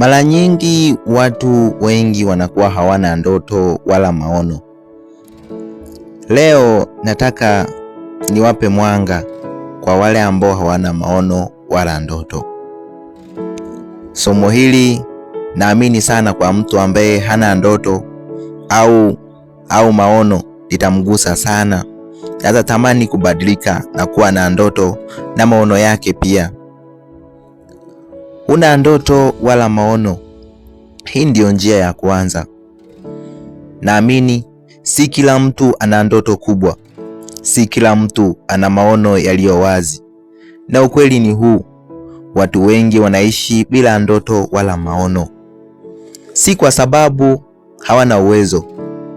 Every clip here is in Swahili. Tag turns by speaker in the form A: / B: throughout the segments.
A: Mara nyingi watu wengi wanakuwa hawana ndoto wala maono. Leo nataka niwape mwanga kwa wale ambao hawana maono wala ndoto. Somo hili naamini sana kwa mtu ambaye hana ndoto au, au maono litamgusa sana. Hata tamani kubadilika na kuwa na ndoto na maono yake pia una ndoto wala maono. Hii ndiyo njia ya kuanza. Naamini si kila mtu ana ndoto kubwa, si kila mtu ana maono yaliyo wazi, na ukweli ni huu: watu wengi wanaishi bila ndoto wala maono, si kwa sababu hawana uwezo,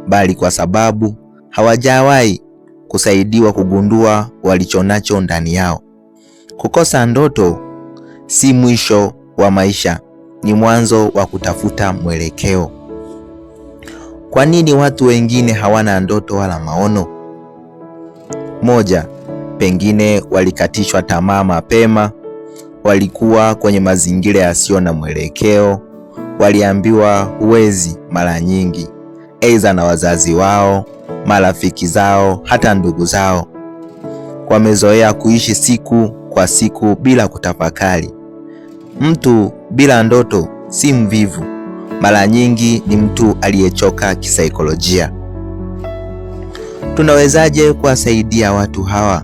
A: bali kwa sababu hawajawahi kusaidiwa kugundua walichonacho ndani yao. Kukosa ndoto si mwisho wa maisha, ni mwanzo wa kutafuta mwelekeo. Kwa nini watu wengine hawana ndoto wala maono? Moja, pengine walikatishwa tamaa mapema, walikuwa kwenye mazingira yasiyo na mwelekeo, waliambiwa huwezi mara nyingi, aidha na wazazi wao, marafiki zao, hata ndugu zao. Wamezoea kuishi siku kwa siku bila kutafakari. Mtu bila ndoto si mvivu, mara nyingi ni mtu aliyechoka kisaikolojia. Tunawezaje kuwasaidia watu hawa?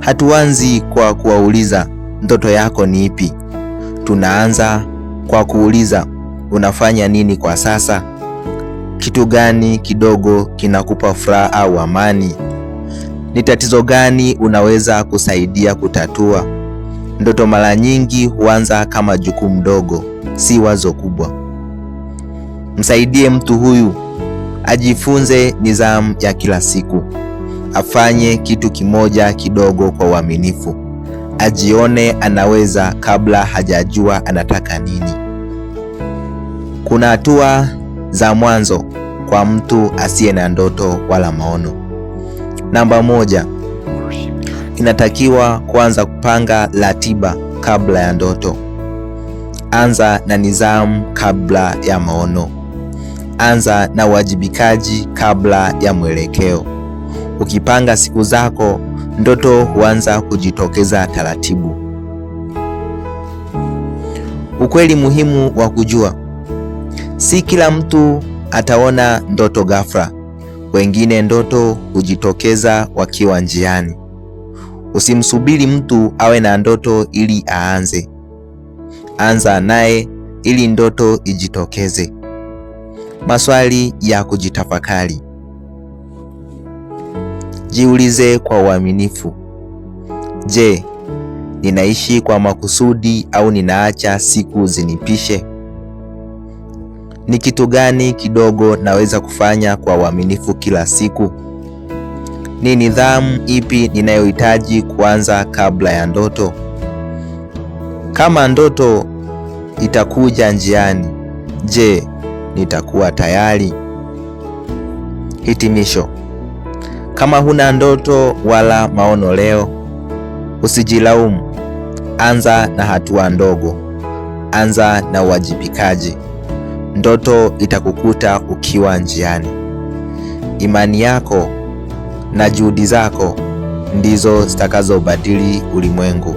A: Hatuanzi kwa kuwauliza ndoto yako ni ipi. Tunaanza kwa kuuliza unafanya nini kwa sasa? Kitu gani kidogo kinakupa furaha au amani? Ni tatizo gani unaweza kusaidia kutatua? Ndoto mara nyingi huanza kama jukumu dogo, si wazo kubwa. Msaidie mtu huyu ajifunze nidhamu ya kila siku, afanye kitu kimoja kidogo kwa uaminifu, ajione anaweza kabla hajajua anataka nini. Kuna hatua za mwanzo kwa mtu asiye na ndoto wala maono. Namba moja: inatakiwa kuanza kupanga ratiba kabla ya ndoto. Anza na nidhamu kabla ya maono. Anza na uwajibikaji kabla ya mwelekeo. Ukipanga siku zako, ndoto huanza kujitokeza taratibu. Ukweli muhimu wa kujua: si kila mtu ataona ndoto ghafla. Wengine ndoto hujitokeza wakiwa njiani. Usimsubiri mtu awe na ndoto ili aanze, anza naye ili ndoto ijitokeze. Maswali ya kujitafakari: jiulize kwa uaminifu, je, ninaishi kwa makusudi au ninaacha siku zinipishe? Ni kitu gani kidogo naweza kufanya kwa uaminifu kila siku? Ni nidhamu ipi ninayohitaji kuanza kabla ya ndoto? Kama ndoto itakuja njiani, je, nitakuwa tayari? Hitimisho. Kama huna ndoto wala maono leo, usijilaumu. Anza na hatua ndogo. Anza na uwajibikaji. Ndoto itakukuta ukiwa njiani. Imani yako na juhudi zako ndizo zitakazobadili ulimwengu.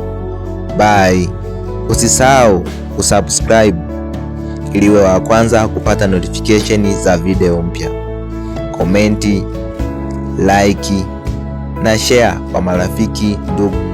A: Bye. Usisahau kusubscribe iliwe wa kwanza kupata notification za video mpya. Komenti, like na share kwa marafiki, ndugu